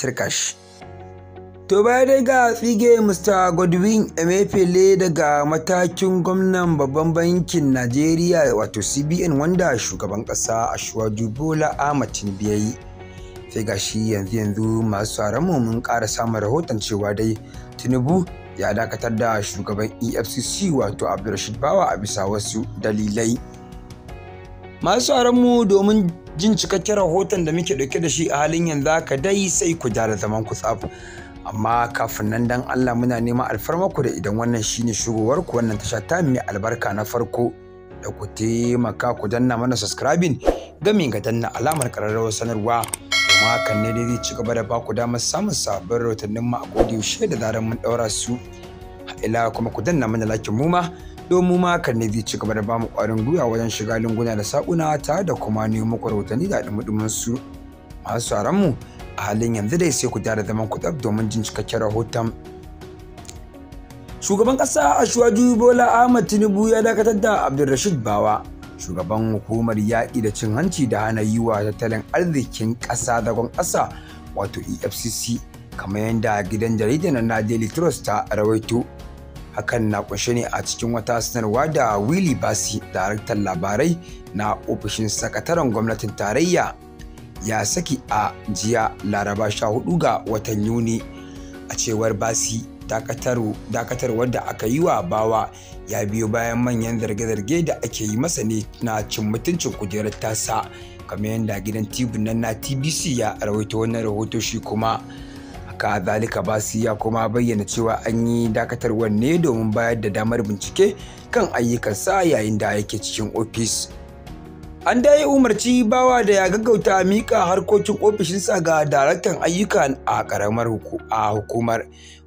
cirka shi to baya dai ga tsige mr godwin emefiele daga matakin gwamnan babban bankin najeriya wato cbn wanda shugaban kasa a bola ahmad tinubu ya sai ga shi yanzu yanzu masu mu mun ƙara samun rahoton cewa dai tinubu ya dakatar da shugaban efcc wato abdulrashid bawa a bisa wasu dalilai masu mu domin jin cikakken rahoton da muke ɗauke da shi a halin yanzu haka dai sai ku da zaman ku tsaf amma kafin nan dan Allah muna neman alfarmaku da idan wannan shine shigowar ku wannan tasha ta mai albarka na farko da ku taimaka ku danna mana subscribing gami ga danna alamar ƙararrawar sanarwa kuma hakan ne dai zai ci gaba da baku ku damar samun sabbin rahotannin mu a yaushe da zarar mun ɗaura su ila kuma ku danna mana lakin mu ma domin mu ma kan zai ci gaba da bamu ƙwarin gwiwa wajen shiga linguna da sakuna ta da kuma nemo muku rahotanni da dumudumin su masu mu a halin yanzu dai sai ku da zaman ku domin jin cikakken rahoton shugaban ƙasa Ashwaju Bola Ahmad Tinubu ya dakatar da Abdulrashid Bawa shugaban hukumar yaƙi da cin hanci da hana yi wa tattalin arzikin ƙasa zagon ƙasa wato efcc kamar yadda gidan jaridar na daily trust ta rawaito hakan na kunshe ne a cikin wata sanarwa da willy basi daraktan labarai na ofishin sakataren gwamnatin tarayya ya saki a jiya laraba 14 ga watan yuni a cewar basi dakatarwar da aka yi wa bawa ya biyo bayan manyan zarge-zarge da ake yi masa ne na cin mutuncin kujerar tasa kamar yadda gidan tibunan na tbc ya rawaito wannan rahoto shi kuma kazalika zalika basi ya kuma bayyana cewa an yi dakatarwar ne domin bayar da damar bincike kan ayyukansa yayin da yake cikin ofis an dai umarci bawa da ya gaggauta mika harkokin ofishinsa ga daraktan ayyuka a karamar hukumar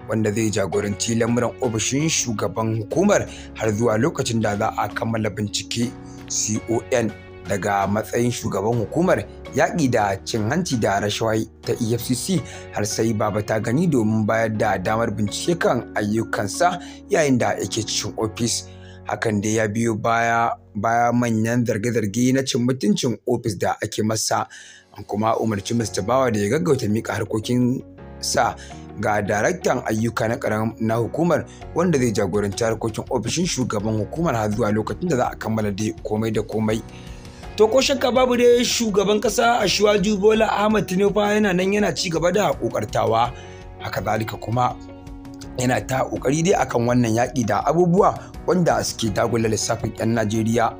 wanda zai jagoranci lamuran ofishin shugaban hukumar har zuwa lokacin da za a kammala bincike con daga matsayin shugaban hukumar yaƙi da cin hanci da rashawa ta efcc har sai baba ta gani domin bayar da damar bincike kan ayyukansa yayin da yake cikin ofis hakan da ya biyo baya baya manyan zarge-zarge na cin mutuncin ofis da ake masa kuma umarci mr bawa da ya gaggauta mika harkokin sa ga daraktan ayyuka na na hukumar wanda zai jagoranci harkokin ofishin shugaban hukumar har zuwa lokacin da za a kammala dai komai da komai to ko shakka babu dai shugaban kasa Ashwaju Bola Ahmed Tinubu yana nan yana ci gaba da kokartawa haka zalika kuma yana ta kokari dai akan wannan yaƙi da abubuwa wanda suke dagula lissafin 'yan Najeriya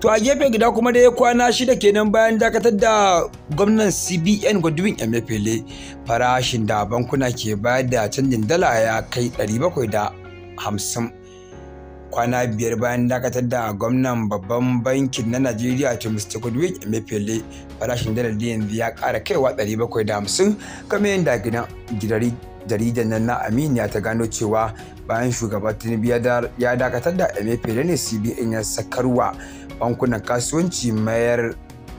to a gefe guda kuma dai kwana shida kenan bayan dakatar da gwamnan cbn godwin emefiele farashin da bankuna ke bayar da canjin dala ya kai 750 kwana biyar bayan dakatar da gwamnan babban bankin na najeriya to mr goodwick emefiele farashin dalar yanzu ya kara kaiwa 750 kamar yadda gidan jaridar nan na aminiya ta gano cewa bayan shugaban tinubu ya dakatar da emefiele ne cbn ya sakarwa bankunan kasuwanci mayar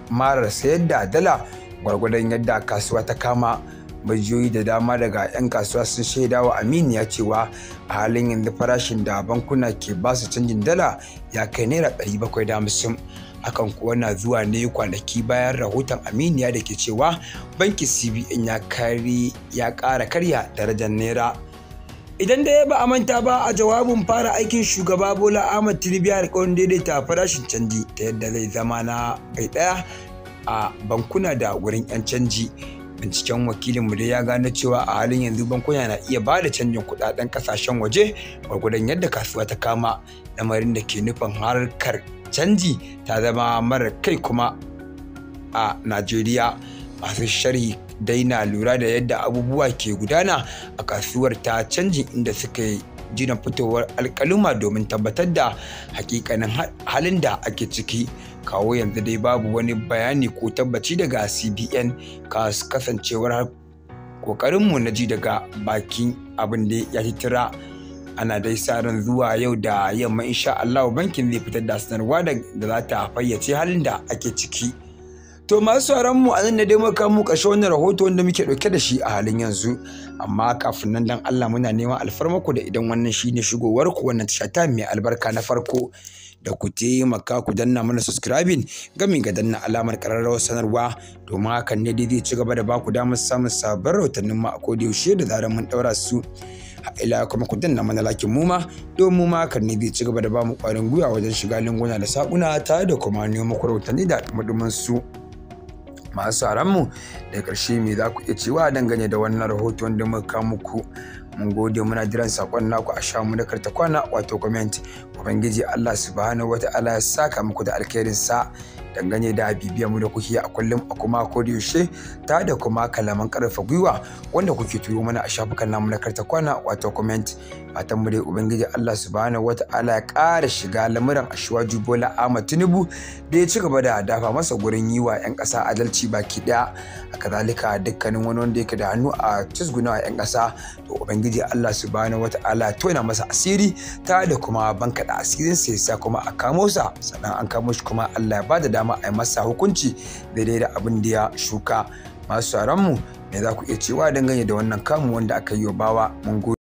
marar sayar da dala gwargwadon yadda kasuwa ta kama majiyoyi da dama daga 'yan kasuwa sun shaida wa aminiya cewa a halin yanzu farashin da bankuna ke ba su canjin dala ya kai naira ɗari hamsin hakan kuwa na zuwa ne kwanaki bayan rahoton aminiya da ke cewa banki cbn ya kari ya ƙara karya darajar naira idan da ya ba a manta ba a jawabin fara aikin shugaba bola ahmad tinubu ya daidaita farashin canji ta yadda zai zama na bai ɗaya a bankuna da wurin 'yan canji binciken wakilin mu dai ya gano cewa a halin yanzu bankuna na iya ba da canjin kudaden kasashen waje gwargwadon yadda kasuwa ta kama lamarin da ke nufin harkar canji ta zama mara kai kuma a najeriya masu sharhi daina lura da yadda abubuwa ke gudana a kasuwar ta canji inda suka yi jiran fitowar alkaluma domin tabbatar da hakikanin halin da ake ciki kawo yanzu dai babu wani bayani ko tabbaci daga cbn kasancewar kokarinmu na ji daga bakin abin da ya titira ana dai sa ran zuwa yau da yamma insha Allah bankin zai fitar da sanarwa da za ta fayyace halin da ake ciki. To masu sauran mu a nan ne dai muka mu kashe wannan rahoto wanda muke dauke da shi a halin yanzu amma kafin nan dan Allah muna neman alfarmako da idan wannan shine shigowar ku wannan tasha ta mai albarka na farko da ku taimaka ku danna mana subscribing gami ga danna alamar kararrawar sanarwa domin hakan ne dai zai ci gaba da ba ku damar samun sabbin rahotannin mu a yaushe da zarar mun daura su ila kuma ku danna mana lakin mu ma mu ma hakan ne zai ci gaba da ba mu kwarin gwiwa wajen shiga linguna da sakuna tare da kuma neman rahotanni da dumudumin su. masu mu da ƙarshe mai za ku iya cewa dangane da wannan rahoton da muka muku mun gode muna jiran sakon naku a sha mu na karta kwana wato comment ubangiji Allah subhanahu wata'ala ya saka muku da alkhairin sa dangane da bibiyar mu da kuke a kullum a kuma yaushe ta da kuma kalaman karfa gwiwa wanda kuke turo mana a shafukan namu na karta kwana wato comment matan mu dai ubangiji Allah subhanahu wata'ala ya kara shiga lamuran Ashwaju Bola Ahmad Tinubu da ya ci gaba da dafa masa gurin yi wa 'yan ƙasa adalci baki ɗaya a kazalika dukkanin wani wanda yake da hannu a a 'yan ƙasa to ubangiji Allah subhanahu wata'ala tona masa asiri ta da kuma bankaɗa asirin sa ya sa kuma a kamo sa sannan an kamo shi kuma Allah ya ba dama dama a masa hukunci daidai da abin da ya shuka masu mu me za ku iya cewa dangane da wannan kamun wanda aka yi wa bawa mun